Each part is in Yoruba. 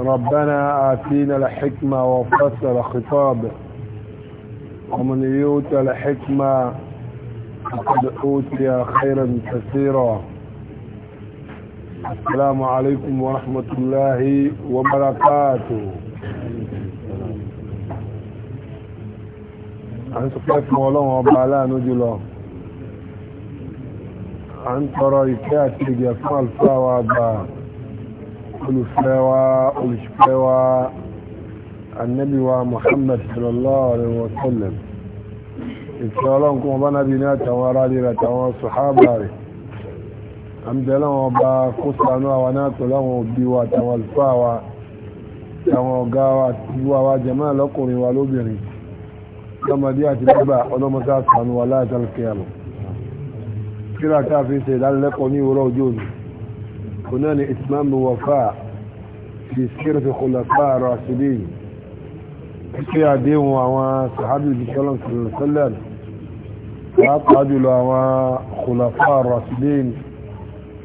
ربنا آتينا الحكمة وفصل خطابه ومن يوت الحكمة فقد أوتي خيرا كثيرا السلام عليكم ورحمة الله وبركاته أنت كيف sọpẹ́ وبعلا ọlọ́run أنت رأيكات jùlọ à ń olùfẹ́wà olùṣùfẹ́wà annabiwa muhammad sallallahu alaihi wasallam ìfẹ́ ọlọ́run kún ọba nábi ní àtàwọn ará rí àtàwọn sọ̀hábà rẹ̀ àmìtẹ́lẹ́ wọn bá kó sànú àwọn náà tó láwọn òbí wa àtàwọn àlùfáà wa àtàwọn ọ̀gá wa àtìwá wa jàmáà lọ́kùnrin wa lóbìnrin lọ́mọdé àti bàbá ọlọ́mọdé àtàwọn wa láàtàlùkẹ́ àlọ́ kíra هناك إتمام وفاء في سيرة خلفاء الراشدين في عديهم وعوان صحابي الكرام صلى الله عليه وسلم وأقعد لعوان خلفاء الراشدين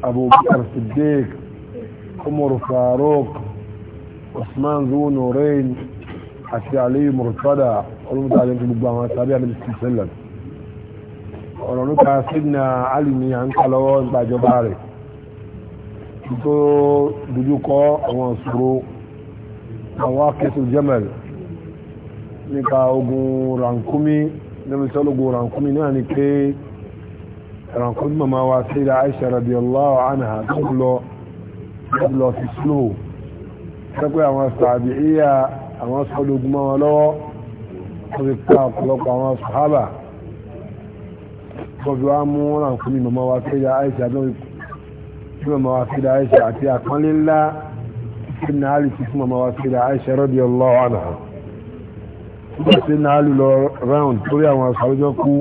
أبو بكر الصديق عمر فاروق عثمان ذو نورين àti àlèyé mọ̀rọ̀tọ́dà olóòtú àlèyé gbogbo àwọn tàbí àlèyé sí sẹ́lẹ̀ ọ̀rọ̀ nípa sínú alì ní à ń kà tó dojúkọ àwọn ìṣòro àwọn akẹ́sùn jẹ́mẹ̀lì nípa ogun rankumi lẹ́mẹ̀sẹ́ ológun rankumi náà ni pé rankumi mama wa sayyida Aisha radiyallahu anha tó lọ lọ sí slow sẹ́pẹ́ àwọn sàbí ìyá àwọn sọ́dọ̀gún mọ́ wọn lọ́wọ́ tó fi ká ọ̀pọ̀lọpọ̀ àwọn sàhábà tó fi wá mú rankumi mama wa sayyida Aisha náà tí mama wa fi da aisha àti àpọ́nlé ńlá tí na alì tí mama wa fi da aisha radiyallahu anha nígbà tí lọ round torí àwọn àṣàwùjọ kú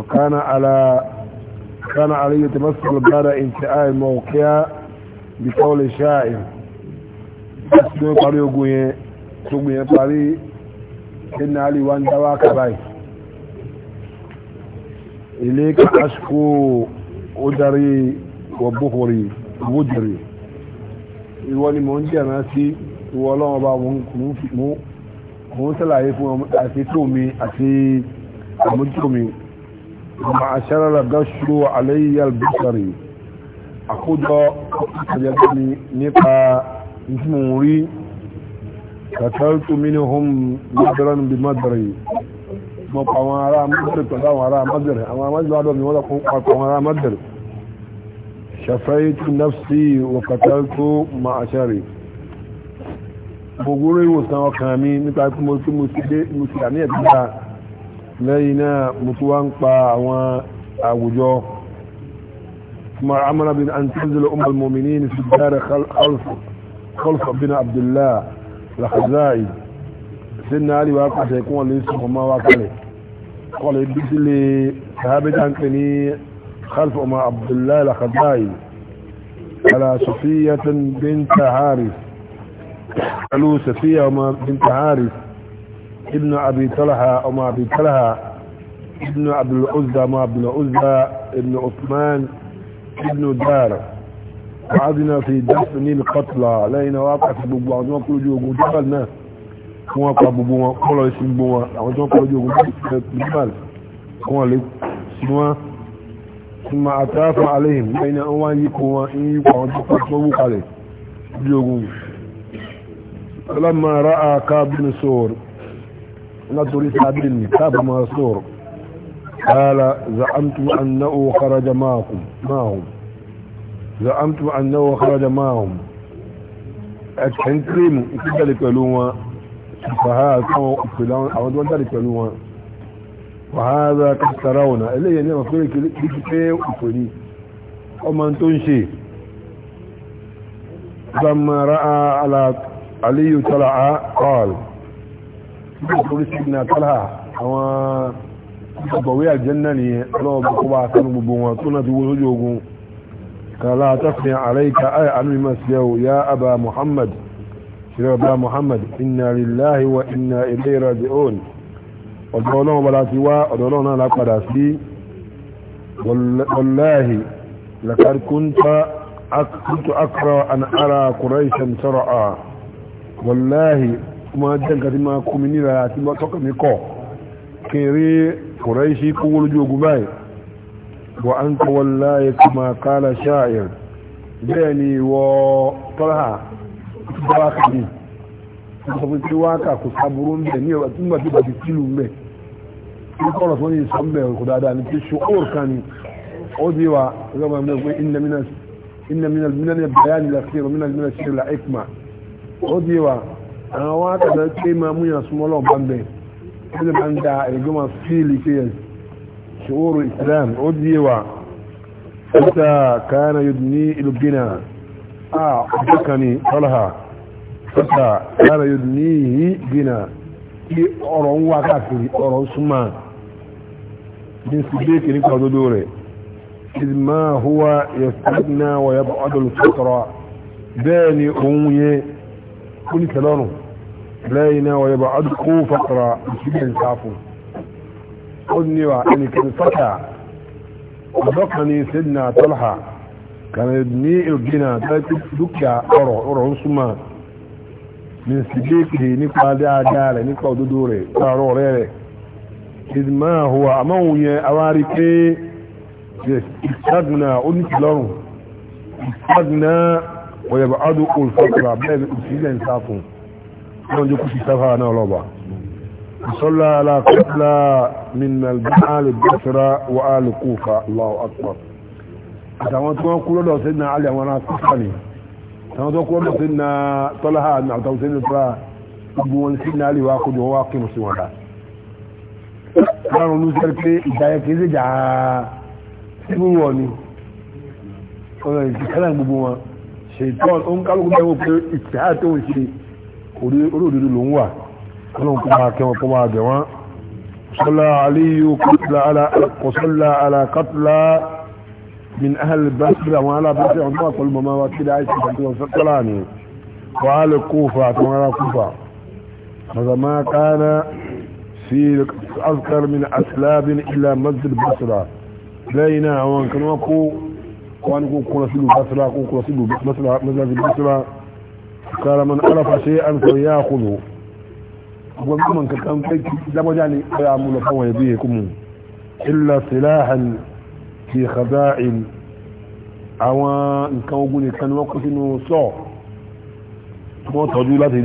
ọ̀kánà ala كان علي تمثل بعد انتهاء الموقع بقول شاعر ní parí ogun yẹn tó gbìn yẹn parí ẹni àlè wá ń ilé ká aṣkò ودري وبخوري وجري ìwọ́ni mò ń jẹ̀rán sí ìwọ ọlọ́run ọba mò ń sàlàyé fún ọmọ àti tó mi àti àmójútó mi ma a ṣẹ́rẹ́rẹ́ gáṣúrò aláyíyá bíkàrí àkójọ àjẹ́gbẹ́ mi nípa ìtumọ̀ rí kàtàrí tó mi ní home madaran bí madaran yìí mọ̀ pa àwọn ará mọ́tẹ̀rẹ̀ pẹ̀lú àwọn ará mọ́tẹ̀rẹ̀ àwọn amájúlá àdọ́bí wọ́n lọ́kọ́ pa àwọn ará mọ́tẹ̀rẹ̀ ṣàfẹ́yìtì nafsi wọ̀kàtà tó ma àṣẹ́rì gbogbo ìwòsàn ọkàn mi nípa pé mo ti mo ti dé mo ti dàní ẹ̀dá lẹ́yìn náà mo ti wá ń pa àwọn àwùjọ ma amara bin an tanzila ummul mu'minin fi dar khalf bin abdullah al-khazai sinna ali wa qata yakun wa laysa ma wa kalẹ̀ wọ́n lè لي sílé ṣàhábẹ́jà خلف أم عبد الله الخزاعي على صفية بنت حارث قالوا صفية أم بنت حارث ابن أبي طلحة أم أبي طلحة ابن عبد العزة أم عبد العزة ابن عثمان ابن دار وعدنا في دفن القتلى لين واقع في كل لجوه جبلنا kí wọ́n pa gbogbo wọn kọ́ lọ sí gbogbo wọn àwọn tí wọ́n kọ́ lójú ogun principal kí wọ́n lè sí wọn tí ma àtàràfà aléhìn lẹ́yìn àwọn wá ń yípo wọn ń yípo àwọn tó kọ́ tó wú kalẹ̀ lójú ogun ọlọ́mọ ara àkábínú sọ̀rọ̀ nítorí sábìlì kábàmọ́ sọ̀rọ̀ قال زعمتم أنه خرج معكم معهم زعمتم أنه خرج معهم أتحن كريم إكتب لك لهم fàhálà táwọn òpèlè àwọn tó wọ́n jáde pẹ̀lú wọn fàhálà kásìtara ọ̀nà eléyìí ní àwọn péré kìí pé òpèlè ọmọ tó ń ṣe zamara aliyu tala'a qal orísìnà tala'a àwọn ọgbọ̀wé àjẹ́nà ni ọlọ́ọ̀bọ̀ kó bá sánú gbogbo wọn tó náà ti wó sójú ṣíra bá muhammad inna lillahi wa inna ilayhi raji'un ọ̀dọ̀ ọlọ́run bala ti wá ọ̀dọ̀ ọlọ́run náà lápadà sí wallahi laqad kunta kuntu akra an ara quraishan sar'a wallahi kuma jẹ́ nǹkan tí máa kú mi níra àti tọ́kà mi kọ̀ kí n kó wọ́n lójú ogun báyìí wa anta wallahi kama qala sha'ir bẹ́ẹ̀ ni wọ́ tọ́lá dára kàmí wọ́n sọ pé kí wọ́n kà kò sábúrú ń bẹ̀ ní ọ̀rọ̀ tí wọ́n ti bàtí sílù ń bẹ̀ ní kọ́rọ̀ tó ń yìí sọ ń bẹ̀ kò dáadáa ní pé ṣòkòrò kan ni ó di wa ọlọ́mọ ẹgbẹ́ pé iná mìíràn iná mìíràn mìíràn ní bẹ̀yà ní lẹ́sẹ̀rọ mìíràn mìíràn sí ìlà ẹ̀kùmà ó di wa àwọn wọn kà sọ pé máa múyàn súnmọ́ lọ́wọ́ bá ń bẹ̀ ó lè bá ń da ẹ̀gbẹ́ máa fíìlì pé ṣòkòrò ìsìlám ó di wa ó ta kàánà yóò ní ìlú gínà آه أتكني طلها فتى كان يدنيه بنا في أرون وكاكري أرون سمان من سبيك نكاد دوري إذ ما هو يستغنى ويبعد الفطرة داني أمي كل كلانه لينا ويبعد قو فقرة يسبيك نكافه قلني وعني كان فتى أبقني سيدنا طلحة kàrẹ ní ìrògínà tẹ́lẹ̀kì dúkìá ọ̀rọ̀ ọ̀rọ̀ ń súnmọ́ ní sídéèkì nípa dáadáa rẹ̀ nípa òdodo rẹ̀ pààrọ̀ ọ̀rẹ́ rẹ̀ ìdìmọ́ àhùwà àmọ́hùn yẹn awárí pé ìṣàgùnà oníkìlọ́rùn ìṣàgùnà ọ̀yẹ̀bà ọdún olùfọ́kùnrà bẹ́ẹ̀ ìṣílẹ̀ ń sá fún wọn jẹ́ kú sí náà lọ́ba ìṣọ́lá alákọ̀ọ́lá min albáàlì wa alùkùfà Allahu akbar àtàwọn tí wọ́n kú lọ́dọ̀ sí na alẹ́ àwọn akọ́kọ́ ni àwọn tó kú lọ́dọ̀ sí na tọ́láhà àtàwọn sí na tọ́láhà gbogbo wọn sí na alẹ́ wa kó jọ wá kí mo sí wọn dá láàrùn ló sẹ́rí pé ìdáyẹ kìí sí jà síbú wọ̀ ni ọ̀rọ̀ ìdíkálà gbogbo wọn ṣètọ́ ó ń kálukú bẹ́ẹ̀ wọ́n pé ìtìhá tó ń ṣe olóòdodo ló ń wà ọlọ́run kó máa kẹ́wọn kó máa gẹ̀ wọ́n sọ́lá aliyu kọ́sọ́lá alákọ́sọ́lá alákọ́sọ́lá من أهل البصرة وعلى بيت عمر كل ما وكيد عايش وسكراني وعلى الكوفة وعلى الكوفة هذا ما كان في أذكر من أسلاب إلى مسجد البصرة لينا وان كانوا كو وان كو كنا في البصره كو كنا في البصره مسجد البصرة قال من عرف شيئا فليأخذه ومن كان كان لابد يعني يعمل فهو يبيه كم إلا سلاحا fi khaza'in àwọn nǹkan ogun nìkan ni wọ́n kó sínú sọ́ọ̀ wọ́n tọ́jú láti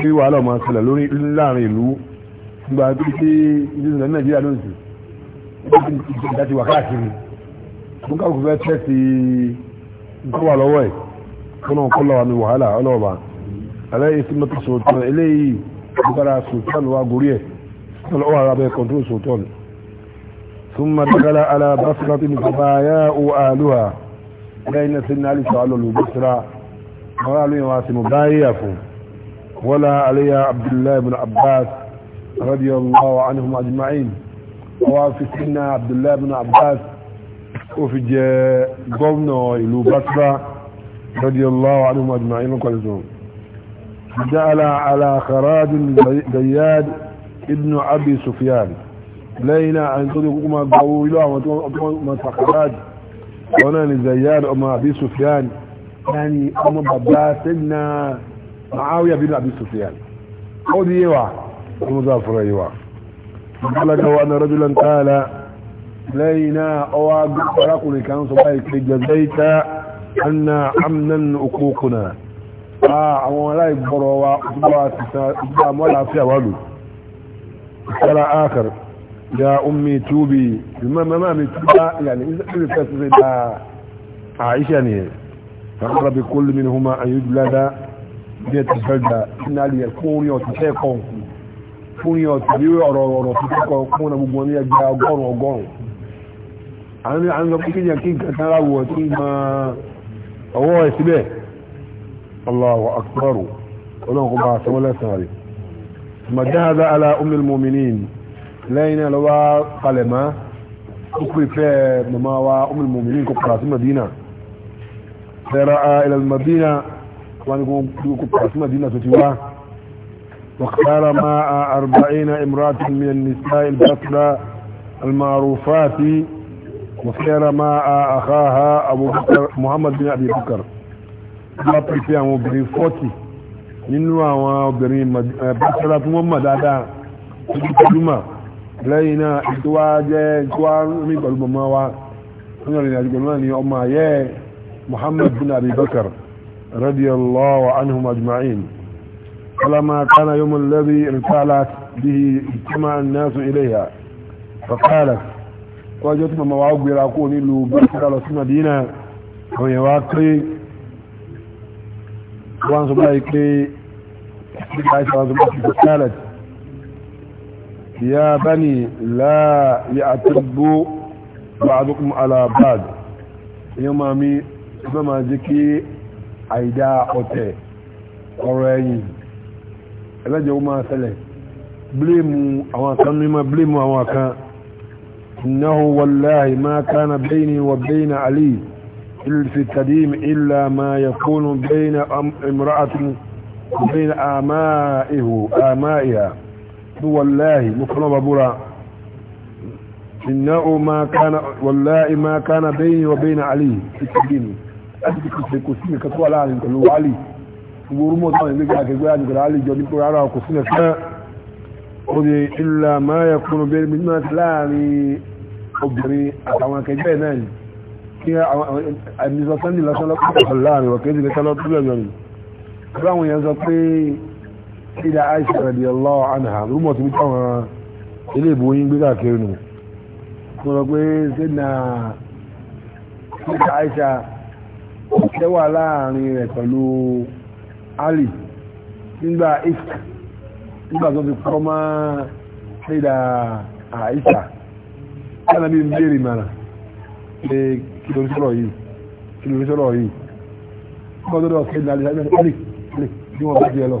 kí wàhálà ọmọ ṣẹlẹ̀ lórí láàrin ìlú nígbà tí kí ìdíjìnlẹ̀ nàìjíríà ló ń sì ìjọba ti wà káàkiri fún káàkiri fẹ́ tẹ́sí nǹkan wà lọ́wọ́ ẹ̀ fún ọkọ̀ lọ́wọ́ mi wàhálà ọlọ́ọ̀bà aláyé sí mọ́tò sòótọ́ eléyìí agbára ثم دخل على بصرة فباياء أهلها بين سنة علي سؤال البصرة قالوا يا واسم ولا علي عبد الله بن عباس رضي الله عنهم أجمعين وفي سنة عبد الله بن عباس وفي قومنا إلو بصرة رضي الله عنهم أجمعين لهم جعل على خراج دياد ابن أبي سفيان lẹ́yìn náà àyìn tó dé kúkú máa gbà owó ilé àwọn tó máa sàkàràjì wọn náà ni Zayyad ọmọ àbí Sufyan yáni ọmọ bàbá sẹ́yìnà Muawiya bin àbí Sufyan ó di yíwa ọmọ tó àfúrà yíwa ìgbàlagbà wa náà rajulan qala lẹ́yìn ọwọ́ arákùnrin kan sọ báyìí pé jazaita anna amnan uququna àwọn aláìgbọ̀rọ̀ wa wa ìgbà mọ́lá fi àwọn ìsára ákàrà ya ummi tubi ma ma mi tuba yani izakiri fasiri da aisha ne fa'ara bi kullu minhuma an yudlada bi tasalda inna li yakuni wa tasakun funi o ti ri ọ̀rọ̀ ọ̀rọ̀ ti ko kun na gbogbo ni agba ọgọ́rùn ọgọ́rùn ani an lo kinya kin kan tara wo ti ma owo esibe Allahu akbar Ọlọ́run ko ba sanwó lẹ́sàn rẹ̀. Màdáhàdá ala umil lẹ́yìn náà lọ́wọ́ palẹ̀mọ́ ó pè fẹ́ mọ̀mọ́ wa Ummul Mu'minin kò padà sí Madina fẹ́ra ila Madina wọn ni kò padà Madina tó ti wá واختار مع أربعين امرأة من النساء البطلة المعروفات واختار مع أخاها أبو بكر محمد بن أبي بكر بطل فيها مبرين فوتي nínú àwọn obìnrin eh, bàtàlá tí wọ́n mọ̀ dáadáa tó jùmọ̀ lẹ́yìn náà ètò wa jẹ́ ètò wa rí pẹ̀lú mọ̀mọ́ wa wọ́n yọ̀ lẹ́yìn àjùgbọ̀n náà ni ọmọ ayẹ́ muhammad bin abi bakar radiyallahu anhum ajma'in فلما كان يوم الذي ارتالت به اجتمع الناس إليها فقالت وجدت ما وعوك براكون إلو بكر على سنة دينا ويواقي وانصبائك لي فقالت يا بني لا يعتب بعضكم على بعض يوم امي بما ذكي àìdá ọ̀tẹ̀ ọ̀rọ̀ ẹ̀yìn ẹlẹ́jẹ̀ ó máa tẹ́lẹ̀ bléèmù àwọn kan ní máa bléèmù àwọn kan innahu wallahi ma kana bayni wa bayna ali fi tadim illa ma yakunu bayna imra'atin bayna ama'ihu ama'iha والله مقلوب برا إنه ما كان والله ما كان بيني وبين علي في الدين أدرك في كسمة كتوى لا نقلوا علي ورمو طبعا يبقى كتوى نقل علي جو نقل على كسمة قضي إلا ما يكون بين من ما تلاني أبري أتعوان كيبه ناني كي أمنزتني لسنة قطع الله وكيدي لسنة قطع الله ìdá Aisha radiyallahu anha rúmọ̀ tí wọ́n ilé ìbò yín gbé káàkiri nù mo rọ pé sínà ìdá Aisha láàrin rẹ̀ pẹ̀lú Ali nígbà isk nígbà tó fi kọ́ mọ́ ìdá Aisha mara kí ló ń sọ̀rọ̀ yìí kí ló ń sọ̀rọ̀ yìí tó dọ̀ wọ́n bá jẹ lọ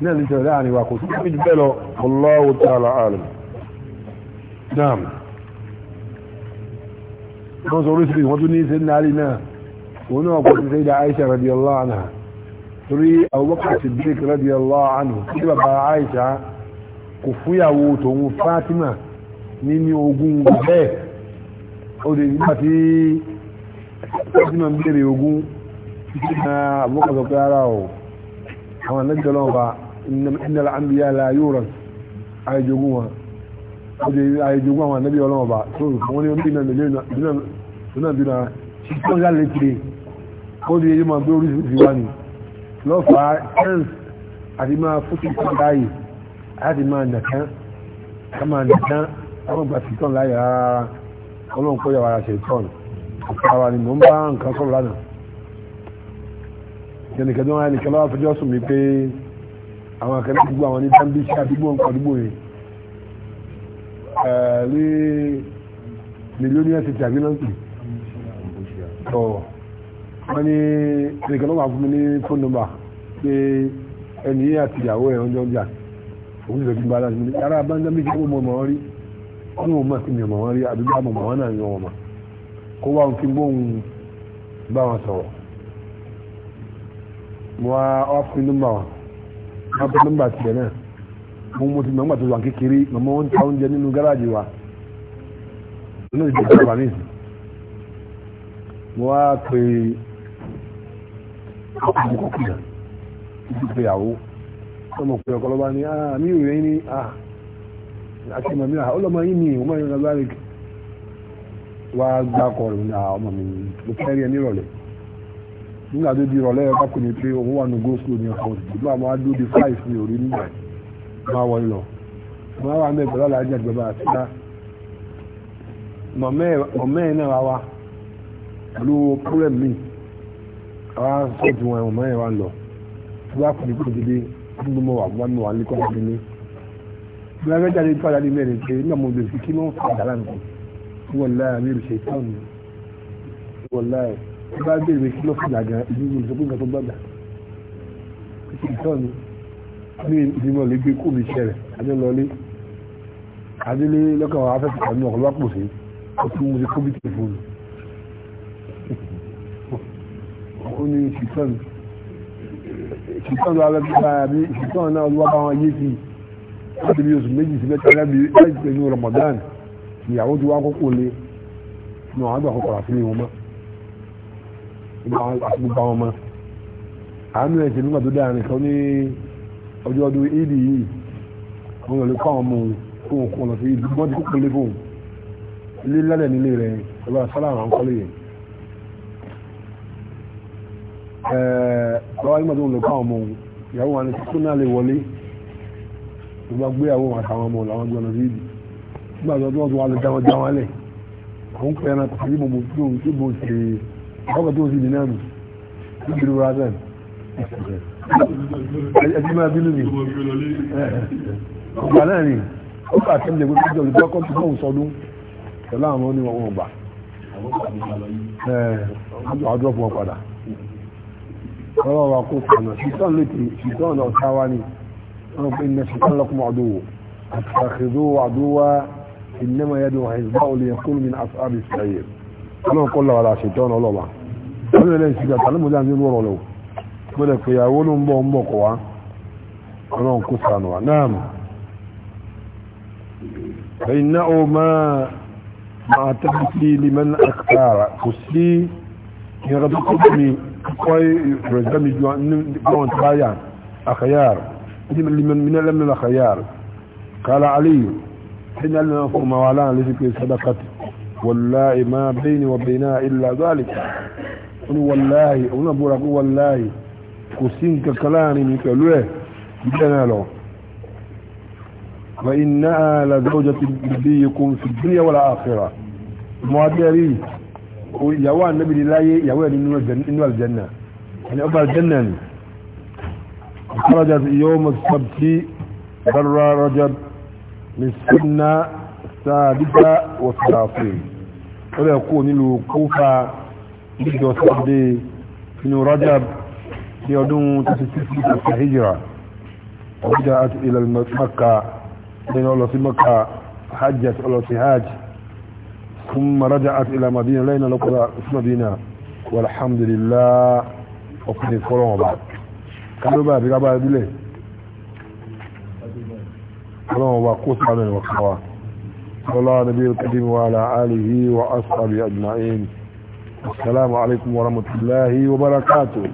náà ní sọ̀rọ̀ láàrin wa kò sí kí jù bẹ́ẹ̀ lọ Allahu ta'ala alim dam wọ́n sọ orísìí wọ́n tún ní sẹ́yìn náà náà wọ́n náà kò sí sẹ́yìn Aisha radiyallahu anha torí Abubakar Siddiq radiyallahu anhu kí bàbá Aisha kò fúyàwó tòun Fatima nínú ogun bẹ́ẹ̀ ó lè nígbà tí Fatima bèèrè ogun títí náà Abubakar sọ pé ara ò àwọn ẹlẹ́jọ́ lọ́wọ́ إنما إحنا الأنبياء لا يورث أيجوها أيجوها والنبي ولا ما سو موني بينا بينا بينا بينا بينا شكرا قال لي kó di èyí máa gbé oríṣiríṣi wá ní lọ́fà tens àti máa fúkì tán láàyè láti máa nàkán ká máa nàkán káwọn gba tìtàn láàyè rárá ọlọ́run kọ́ yàrá ṣe tán àpárá ni mò ń bá nǹkan sọ̀rọ̀ lánàá yẹnìkan tó wáyé nìkan lọ́wọ́ fẹjọ́ sùn mí pé àwọn akẹ́lẹ́ gbogbo àwọn ní dáńbí sí àdúgbò eh, ń kọ̀dúgbò yìí rí mílíọ̀nìyà ti tàbí náà pè tọ́ wọ́n ní ẹnìkan náà wà fún mi ní fóònù nọ́mbà pé ẹni yìí àti ìyàwó ẹ̀ ọjọ́ ọjà òun ìrọ̀jú bá láti mi yàrá bá ń dáńbí sí ọmọ ọmọ rí wọ́n mọ̀ mọ̀ sí mi ọmọ rí àdúgbò àmọ̀ mọ̀ náà yan ọmọ kó wá òun fi gbóhùn bá wọn sọ̀rọ̀ mo wá ọ́ fún nọ́mbà wọn máa bọ́ nọ́mbà tìrẹ̀ náà mo mo ti nọ́mbà tó wà kékeré màmá wọn ta oúnjẹ nínú gáràjì wa nínú ìdíje ìjọba ní ìsìn mo wá pe ọkùnrin kọkùnrin títí pe àwọ ọmọ pé ọkọ lọ́ba ni ah mi ò rẹ́yìn ni ah àti màmí ah ọlọ́mọ yìí ni ìwọ́n máa ń yọ̀ǹda bá rẹ̀ wá gbá kọrin ní àwọn ọmọ mi mo fẹ́ ẹ nírọ̀lẹ́ nígbà tó di ìrọ̀lẹ́ ẹ̀ka kò ní pé òun wà ní goslo ní ọkọ̀ ìgbà máa dó di five ní orí nígbà máa wọ ilọ̀ máa wà mẹ́ẹ̀ pẹ̀lú aláàjì àgbẹ̀bà àtìlá mọ̀mẹ́ náà wá wá pẹ̀lú púrẹ̀ mi àwa sọ́ọ̀tì wọn ẹ̀wọ̀n mẹ́rin wa lọ tó bá kùnì kùnì dídé kí ló mọ̀ wà bá mi wà ní kọ́kọ́ mi ní. bí wọ́n fẹ́ jáde tó mẹ́rin pé nígbà mo bèrè kí ló ń fa àdá tó bá béèrè kí ló fìlà gan ìlú mi sọ pé nǹkan tó gbàgbà kí n tọ́ ni ní ìdímọ̀ lè gbé kó mi ṣẹlẹ̀ adélọlé adélé lọ́kàn àwọn afẹ́fẹ́ kan náà ọ̀pọ̀lọpọ̀ pò sí ó tún mo ti kó bí ó ní ṣìtọ́nù ṣìtọ́nù alẹ́ bíbá àbí ṣìtọ́nù náà olúwa bá wọn yé sí láti bí oṣù méjì sí mẹ́ta lábí láti pẹ̀lú Ramadan ìyàwó tí wọ́n kókó lé ní àwọn àgbà kọkọrọ àfihàn wọn mọ́ àti gbogbo àwọn ọmọ àánú ẹ̀jẹ̀ nìkan ní ọjọ́ ọdún ìdí yìí àwọn ìlú kọ́ ọmọ fún òkú ọ̀nà sí ìdí wọ́n ti kúkú ilé lálẹ́ nílé àwọn yẹn ọmọ ìyàwó wa náà lè wọlé ìgbà àtàwọn ọmọ làwọn sí ìdí tó wà lọ àwọn ọmọ tó sì nínú àmì níbi ìrora náà ẹjí máa bínú mi ọgbà náà ni ó kà tẹ́lẹ̀ lẹ́gbẹ́ tó jọ ìjọ kọ́ tó fún sọdún pẹ̀lú àwọn oníwọ̀n wọn gbà ọjọ́ fún ọ padà ọlọ́wọ́ wa kó sọ̀nà ṣìtọ́n létí ṣìtọ́n ọ̀tá wa ni wọn pe iná ṣìtọ́n lọ́kùnmọ́ àdúwò àtàkìdó àdúwà ìnáma yàdùn àìsàn báwo lè kúrò mi ní asábì sàyẹ̀rù ọlọ́run kọ́ lọ́wọ́ àṣetọ́ ọ̀nà ọlọ́wà wọ́n lè lẹ́yìn sígbà tàbí mọ̀já ní rọrọ̀ lọ gbọ́dẹ̀ pé àwọn ló ń bọ̀ ń bọ̀ kọ̀ wá ọlọ́run kó sànù wá náà iná o máa máa tẹ́bí sí liman akara kò sí ìrọ̀ tó kọ́ mi kọ́ ìrọ̀jẹ́ mi ju àwọn tó bá yà àkàyàr liman mi lẹ́mìnà àkàyàr kala alẹ́ náà والله ما بيني وبينها إلا ذلك قل والله أنا بقول والله كسينك كلاني من كلوه بدنا له وإنها لزوجة نبيكم في الدنيا والآخرة معدري يوا النبي لله يوا إنه الجنة يعني أبا الجنة خرجت يوم السبت بر رجب من السنة السادسة والثلاثين wọ́n bẹ̀ kó nílùú kófà níjọ sọ́dé inú rajab ní ọdún 36 àti hijira ọjà àti ilẹ̀ maka lẹ́yìn ọlọ́sí maka hajj àti ọlọ́sí hajj ثم رجعت الى مدينة لين لقرى مدينة والحمد لله وقد الكرم بعد قالوا بقى بقى بقى بليه كرم بعد قوس عمل وقواه صلى النبي القديم وعلى آله وأصحابه أجمعين السلام عليكم ورحمة الله وبركاته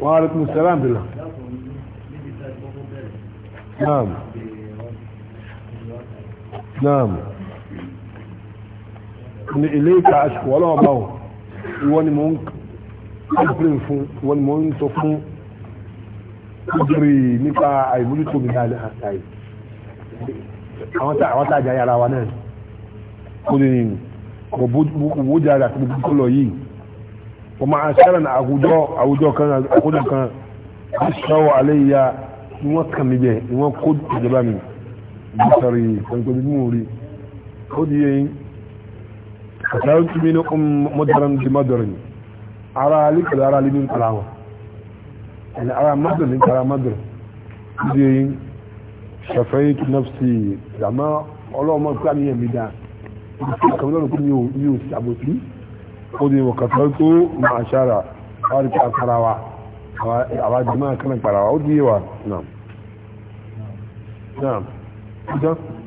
وعليكم السلام بالله نعم نعم ni ilé ìka aṣùkò ọlọ́ọ̀bá ò ìwọ ni mo ń kọ́pìlì fún ìwọ ni mo ń sọ fún ìjírí nípa àìbójútó mi dáadáa àìsí àwọn tàjà yàrá wa náà kó lè nínú òbójà rẹ̀ àti gbogbo lọ yìí wọ́n máa ṣẹ́rẹ̀ ní àwùjọ àwùjọ kan àkójọ kan ṣọ́wọ́ alẹ́ ìyá ni wọ́n kàn mí jẹ ni wọ́n kó ìjọba mi bí sọ̀rọ̀ yìí pẹ̀lú bí mò ń rí ó di yẹn kàtàkùn tí mi ní mọ́dọ̀rọ̀ ní mọ́dọ̀rọ̀ ni ara alẹ́ pẹ̀lú ara alẹ́ ní kàlà wọn ara mọ́dọ̀rọ̀ ní kàlà mọ́dọ̀rọ̀ ó di ṣàfẹ́yìntì nọ́fṣì àmọ́ ọlọ́mọ pé àmì ẹ̀mí dáa ìdíje kan lọ́nà pé mi ò mi ò sí àbòsí ó di wọ̀ kàtọ́ tó máa ṣára wọ́n ti àkàrà wa àwa jẹ́ máa kánà pàrà wa ó di wa náà náà